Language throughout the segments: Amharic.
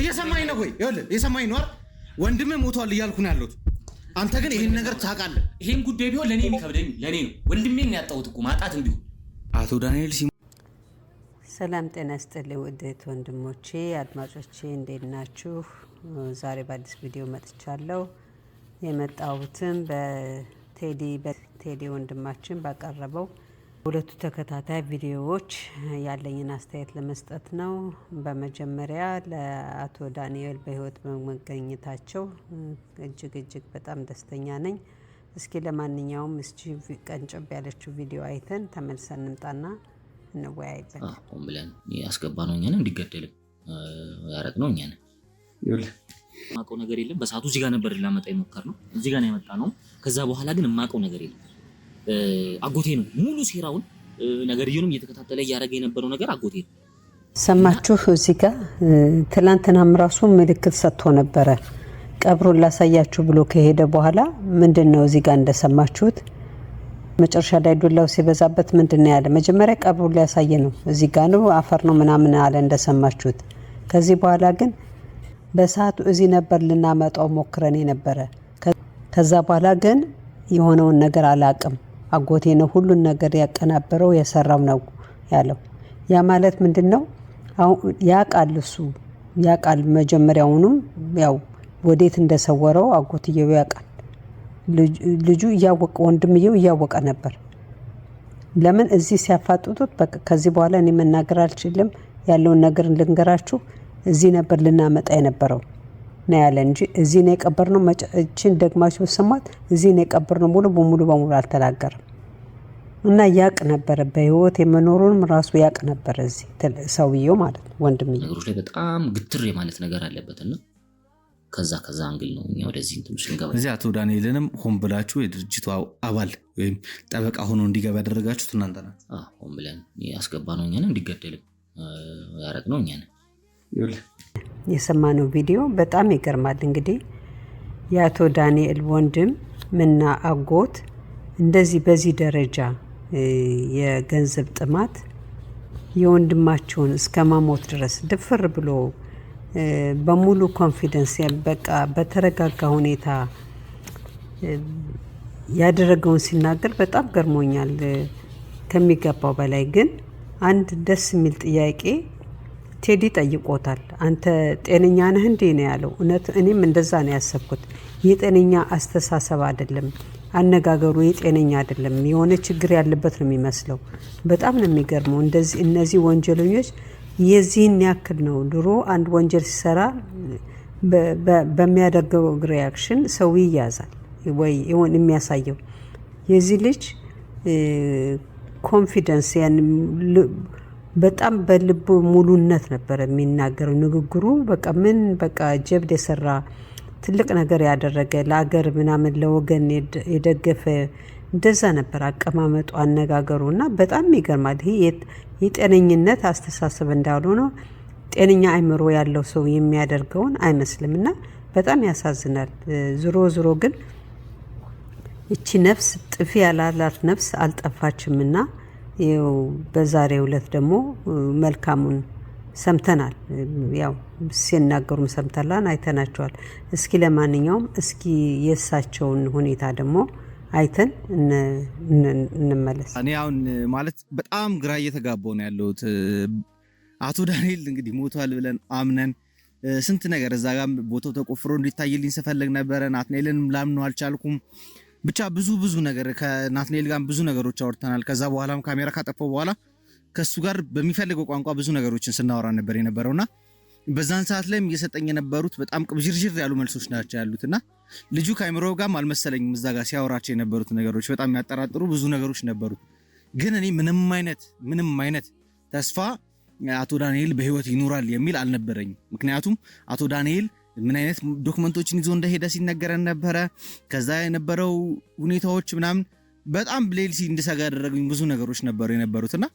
እየሰማኝ ነው ወይ? ይኸውልህ እየሰማኝ ነው አይደል? ወንድምህ ሞቷል እያልኩ ነው ያለሁት። አንተ ግን ይህን ነገር ታውቃለህ። ይሄን ጉዳይ ቢሆን ለእኔ የሚከብደኝ ለእኔ ነው። ወንድሜን ያጣሁት እኮ ማጣትም ቢሆን አቶ ዳንኤል ሲ ሰላም ጤና ይስጥልኝ ውዴት ወንድሞቼ አድማጮቼ እንዴት ናችሁ? ዛሬ በአዲስ ቪዲዮ መጥቻለሁ። የመጣሁትም በቴዲ ወንድማችን ባቀረበው ሁለቱ ተከታታይ ቪዲዮዎች ያለኝን አስተያየት ለመስጠት ነው። በመጀመሪያ ለአቶ ዳንኤል በህይወት መገኘታቸው እጅግ እጅግ በጣም ደስተኛ ነኝ። እስኪ ለማንኛውም እስኪ ቀንጭብ ያለችው ቪዲዮ አይተን ተመልሰን እንምጣና እንወያይበት። ሆን ብለን ያስገባ ነው እኛን እንዲገደልም ያረግ ነው እኛን ማቀው ነገር የለም። በሰዓቱ እዚጋ ነበር ላመጣ የሞከር ነው እዚጋ ነው የመጣ ነው። ከዛ በኋላ ግን የማቀው ነገር የለም አጎቴ ነው ሙሉ ሴራውን ነገርየውንም እየተከታተለ እያደረገ የነበረው ነገር አጎቴ ነው። ሰማችሁ? እዚህ ጋር ትላንትናም ራሱ ምልክት ሰጥቶ ነበረ። ቀብሩን ላሳያችሁ ብሎ ከሄደ በኋላ ምንድን ነው እዚህ ጋር እንደሰማችሁት መጨረሻ ላይ ዱላው ሲበዛበት ምንድን ነው ያለ? መጀመሪያ ቀብሩን ሊያሳየ ነው እዚህ ጋር ነው አፈር ነው ምናምን አለ እንደሰማችሁት። ከዚህ በኋላ ግን በሰዓቱ እዚህ ነበር ልናመጣው ሞክረን ነበረ። ከዛ በኋላ ግን የሆነውን ነገር አላቅም አጎቴ ነው ሁሉን ነገር ያቀናበረው የሰራው ነው ያለው። ያ ማለት ምንድን ነው? ያ ቃል እሱ ያ ቃል መጀመሪያውኑም ያው ወዴት እንደሰወረው አጎትየው ያውቃል። ልጁ እያወቀ ወንድምየው እያወቀ ነበር። ለምን እዚህ ሲያፋጥጡት፣ በቃ ከዚህ በኋላ እኔ መናገር አልችልም ያለውን ነገር ልንገራችሁ፣ እዚህ ነበር ልናመጣ የነበረው ነው ያለን እንጂ እዚህ ነው የቀበርነው። መጨችን ደግማሽ ብሰማት እዚህ ነው የቀበርነው ሙሉ በሙሉ በሙሉ አልተናገርም እና ያቅ ነበረ በህይወት የመኖሩንም ራሱ ያቅ ነበረ። እዚህ ሰውየው ማለት ነው ወንድም ነገሮች ላይ በጣም ግትር የማለት ነገር አለበት እና ከዛ ከዛ አንግል ነው እኛ ወደዚህ ስንገባ እዚህ አቶ ዳንኤልንም ሆን ብላችሁ የድርጅቱ አባል ወይም ጠበቃ ሆኖ እንዲገባ ያደረጋችሁት እናንተ ናት። ሆን ብለን ያስገባ ነው እኛን እንዲገደልም ያረግ ነው እኛን የሰማነው ቪዲዮ በጣም ይገርማል። እንግዲህ የአቶ ዳንኤል ወንድም ምና አጎት እንደዚህ በዚህ ደረጃ የገንዘብ ጥማት የወንድማቸውን እስከ ማሞት ድረስ ድፍር ብሎ በሙሉ ኮንፊደንስ በቃ በተረጋጋ ሁኔታ ያደረገውን ሲናገር በጣም ገርሞኛል። ከሚገባው በላይ ግን አንድ ደስ የሚል ጥያቄ ቴዲ ጠይቆታል። አንተ ጤነኛ ነህ እንዴ ነው ያለው። እውነት እኔም እንደዛ ነው ያሰብኩት። የጤነኛ አስተሳሰብ አይደለም፣ አነጋገሩ የጤነኛ አይደለም። የሆነ ችግር ያለበት ነው የሚመስለው። በጣም ነው የሚገርመው። እነዚህ ወንጀለኞች የዚህን ያክል ነው። ድሮ አንድ ወንጀል ሲሰራ በሚያደርገው ሪያክሽን ሰው ይያዛል ወይ ይሆን የሚያሳየው የዚህ ልጅ ኮንፊደንስ በጣም በልብ ሙሉነት ነበር የሚናገረው። ንግግሩ በቃ ምን በቃ ጀብድ የሰራ ትልቅ ነገር ያደረገ ለአገር ምናምን ለወገን የደገፈ እንደዛ ነበር አቀማመጡ፣ አነጋገሩ እና በጣም ይገርማል። ይሄ የጤነኝነት አስተሳሰብ እንዳሉ ነው። ጤነኛ አይምሮ ያለው ሰው የሚያደርገውን አይመስልም እና በጣም ያሳዝናል። ዝሮ ዝሮ ግን ይቺ ነፍስ ጥፊ ያላላት ነፍስ አልጠፋችም ና። ይኸው በዛሬው ዕለት ደግሞ መልካሙን ሰምተናል። ያው ሲናገሩም ሰምተላን አይተናቸዋል። እስኪ ለማንኛውም እስኪ የእሳቸውን ሁኔታ ደግሞ አይተን እንመለስ። እኔ አሁን ማለት በጣም ግራ እየተጋባው ነው ያለሁት። አቶ ዳንኤል እንግዲህ ሞቷል ብለን አምነን ስንት ነገር እዛ ጋር ቦታው ተቆፍሮ እንዲታይልኝ ስፈለግ ነበረ። ናትናኤልንም ላምነው አልቻልኩም። ብቻ ብዙ ብዙ ነገር ከናትኔል ጋር ብዙ ነገሮች አውርተናል። ከዛ በኋላም ካሜራ ካጠፋው በኋላ ከሱ ጋር በሚፈልገው ቋንቋ ብዙ ነገሮችን ስናወራ ነበር የነበረውና በዛን ሰዓት ላይም እየሰጠኝ የነበሩት በጣም ቅብዥርዥር ያሉ መልሶች ናቸው ያሉት እና ልጁ ከአይምሮ ጋም አልመሰለኝም። እዛ ጋር ሲያወራቸው የነበሩት ነገሮች በጣም የሚያጠራጥሩ ብዙ ነገሮች ነበሩት። ግን እኔ ምንም አይነት ምንም አይነት ተስፋ አቶ ዳንኤል በህይወት ይኖራል የሚል አልነበረኝም። ምክንያቱም አቶ ዳንኤል ምን አይነት ዶክመንቶችን ይዞ እንደሄደ ሲነገረን ነበረ። ከዛ የነበረው ሁኔታዎች ምናምን በጣም ሌልሲ እንድሰጋ ያደረጉኝ ብዙ ነገሮች ነበሩ የነበሩት እና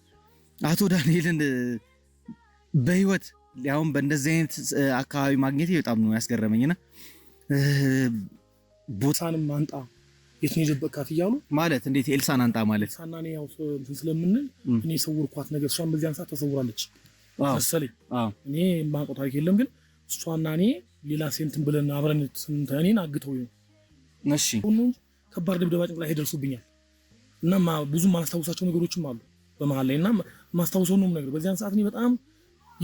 አቶ ዳንኤልን በህይወት ያሁን በእንደዚህ አይነት አካባቢ ማግኘት በጣም ነው ያስገረመኝና ቦታንም አንጣ የት ነው እያሉ ማለት እንዴት ኤልሳን አንጣ ማለት ሳና ያው ስለምንል እኔ የሰወርኳት ነገር እሷን በዚያን ሰዓት ተሰውራለች መሰለኝ። እኔ የማውቀው ታሪክ የለም ግን እሷና እኔ ሌላ ሴንትን ብለን አብረን እኔን አግተው እሺ፣ ከባድ ድብደባ ላይ ይደርሱብኛል እና ብዙ ማስታውሳቸው ነገሮችም አሉ በመሀል ላይ እና ማስታውሰው ነው ነገር በዚያን ሰዓት እኔ በጣም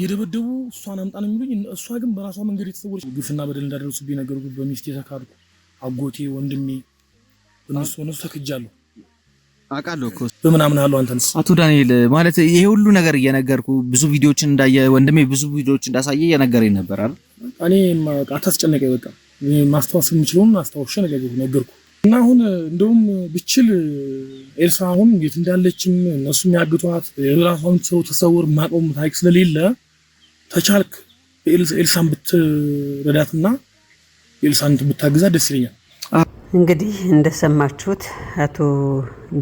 የደበደቡ እሷን አምጣ ነው የሚሉኝ እሷ ግን በራሷ መንገድ የተሰወረች ግፍና በደል እንዳደረሱብኝ ነገር በሚስት ተካድኩ፣ አጎቴ ወንድሜ እነሱ እነሱ ተክጃለሁ አውቃለሁ በምናምን አሉ። አንተንስ አቶ ዳንኤል ማለት ይሄ ሁሉ ነገር እየነገርኩ ብዙ ቪዲዮዎችን እንዳየ ወንድሜ ብዙ ቪዲዮዎችን እንዳሳየ እየነገረኝ ነበር አይደል እኔ አታስጨነቀኝ። በቃ ማስታወስ የምችለውን አስታወሻ ነገርኩ እና አሁን እንደውም ብችል ኤልሳ አሁን የት እንዳለችም እነሱ የሚያግቷት የራሷን ሰው ተሰውር ማቆም ታሪክ ስለሌለ ተቻልክ ኤልሳን ብትረዳትና ኤልሳን ብታግዛ ደስ ይለኛል። እንግዲህ እንደሰማችሁት አቶ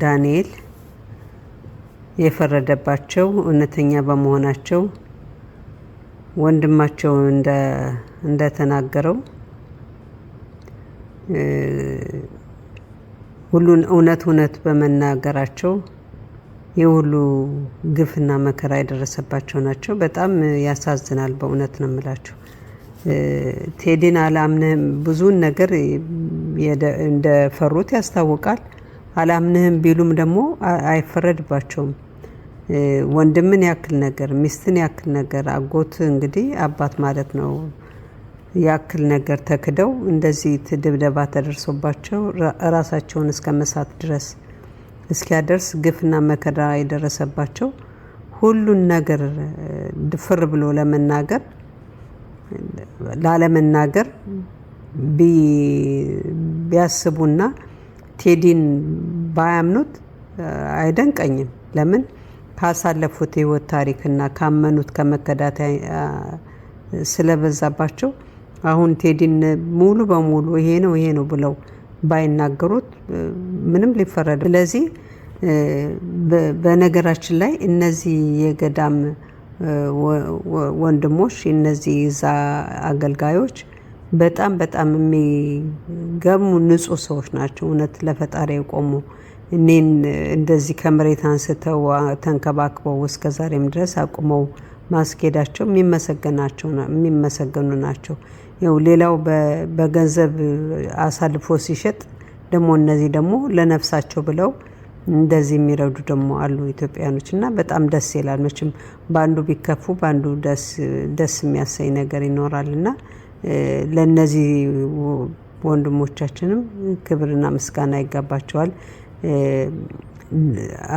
ዳንኤል የፈረደባቸው እውነተኛ በመሆናቸው ወንድማቸው እንደተናገረው ሁሉን እውነት እውነት በመናገራቸው የሁሉ ግፍና መከራ የደረሰባቸው ናቸው። በጣም ያሳዝናል። በእውነት ነው የምላቸው። ቴዲን አላምንህም ብዙን ነገር እንደፈሩት ያስታውቃል። አላምንህም ቢሉም ደግሞ አይፈረድባቸውም። ወንድምን ያክል ነገር ሚስትን ያክል ነገር አጎት እንግዲህ አባት ማለት ነው። ያክል ነገር ተክደው እንደዚህ ድብደባ ተደርሶባቸው ራሳቸውን እስከ መሳት ድረስ እስኪያደርስ ግፍና መከራ የደረሰባቸው ሁሉን ነገር ድፍር ብሎ ለመናገር ላለመናገር ቢያስቡና ቴዲን ባያምኑት አይደንቀኝም። ለምን ካሳለፉት ህይወት ታሪክና ካመኑት ከመከዳት ስለበዛባቸው አሁን ቴዲን ሙሉ በሙሉ ይሄ ነው ይሄ ነው ብለው ባይናገሩት ምንም ሊፈረድ። ስለዚህ በነገራችን ላይ እነዚህ የገዳም ወንድሞች እነዚህ እዛ አገልጋዮች በጣም በጣም የሚገርሙ ንጹህ ሰዎች ናቸው። እውነት ለፈጣሪ የቆሙ እኔን እንደዚህ ከመሬት አንስተው ተንከባክበው እስከ ዛሬም ድረስ አቁመው ማስኬዳቸው የሚመሰገኑ ናቸው። ያው ሌላው በገንዘብ አሳልፎ ሲሸጥ ደግሞ እነዚህ ደግሞ ለነፍሳቸው ብለው እንደዚህ የሚረዱ ደግሞ አሉ ኢትዮጵያኖች እና በጣም ደስ ይላል። መቼም በአንዱ ቢከፉ በአንዱ ደስ የሚያሰኝ ነገር ይኖራል እና ለእነዚህ ወንድሞቻችንም ክብርና ምስጋና ይገባቸዋል።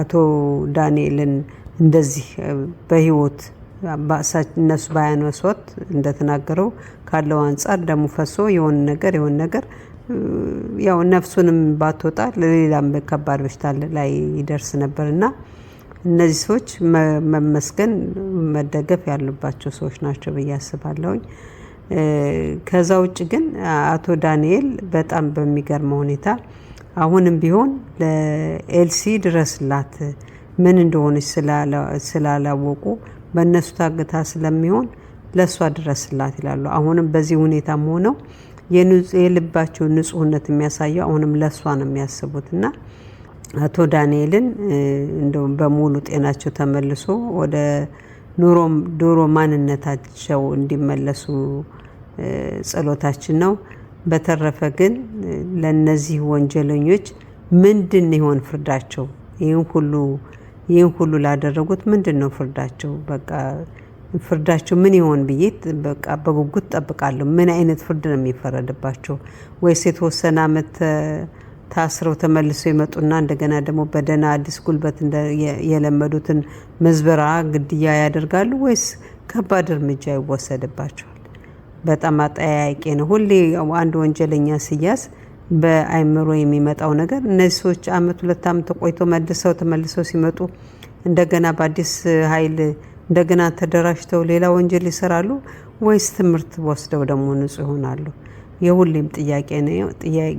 አቶ ዳንኤልን እንደዚህ በህይወት እነሱ ባያን መስወት እንደተናገረው ካለው አንጻር ደሙ ፈሶ የሆነ ነገር የሆነ ነገር ያው ነፍሱንም ባትወጣ ለሌላም ከባድ በሽታ ላይ ይደርስ ነበር እና እነዚህ ሰዎች መመስገን መደገፍ ያሉባቸው ሰዎች ናቸው ብዬ አስባለሁኝ። ከዛ ውጭ ግን አቶ ዳንኤል በጣም በሚገርመው ሁኔታ አሁንም ቢሆን ለኤልሲ ድረስላት ምን እንደሆነች ስላላወቁ በእነሱ ታግታ ስለሚሆን ለእሷ ድረስላት ይላሉ። አሁንም በዚህ ሁኔታም ሆነው የልባቸው ንጹህነት የሚያሳየው አሁንም ለእሷ ነው የሚያስቡት እና አቶ ዳንኤልን እንደውም በሙሉ ጤናቸው ተመልሶ ወደ ኑሮ ማንነታቸው እንዲመለሱ ጸሎታችን ነው። በተረፈ ግን ለነዚህ ወንጀለኞች ምንድን ይሆን ፍርዳቸው? ይህን ሁሉ ይህን ሁሉ ላደረጉት ምንድን ነው ፍርዳቸው? በቃ ፍርዳቸው ምን ይሆን ብዬ በቃ በጉጉት ጠብቃለሁ። ምን አይነት ፍርድ ነው የሚፈረድባቸው? ወይስ የተወሰነ አመት ታስረው ተመልሰው ይመጡና እንደገና ደግሞ በደህና አዲስ ጉልበት የለመዱትን ምዝበራ፣ ግድያ ያደርጋሉ? ወይስ ከባድ እርምጃ ይወሰድባቸው? በጣም አጠያያቂ ነው። ሁሌ አንድ ወንጀለኛ ሲያዝ በአይምሮ የሚመጣው ነገር እነዚህ ሰዎች አመት ሁለት አመት ቆይቶ መልሰው ተመልሰው ሲመጡ እንደገና በአዲስ ኃይል እንደገና ተደራጅተው ሌላ ወንጀል ይሰራሉ ወይስ ትምህርት ወስደው ደግሞ ንጹህ ይሆናሉ? የሁሌም ጥያቄ ነው።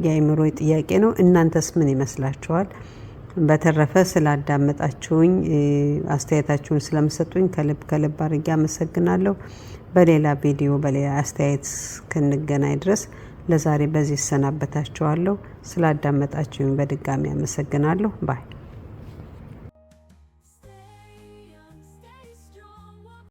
የአይምሮ ጥያቄ ነው። እናንተስ ምን ይመስላችኋል? በተረፈ ስላዳመጣችሁኝ አስተያየታችሁን ስለምሰጡኝ ከልብ ከልብ አድርጌ አመሰግናለሁ። በሌላ ቪዲዮ በሌላ አስተያየት እስክንገናኝ ድረስ ለዛሬ በዚህ ይሰናበታችኋለሁ። ስላዳመጣችሁኝ በድጋሚ አመሰግናለሁ ባይ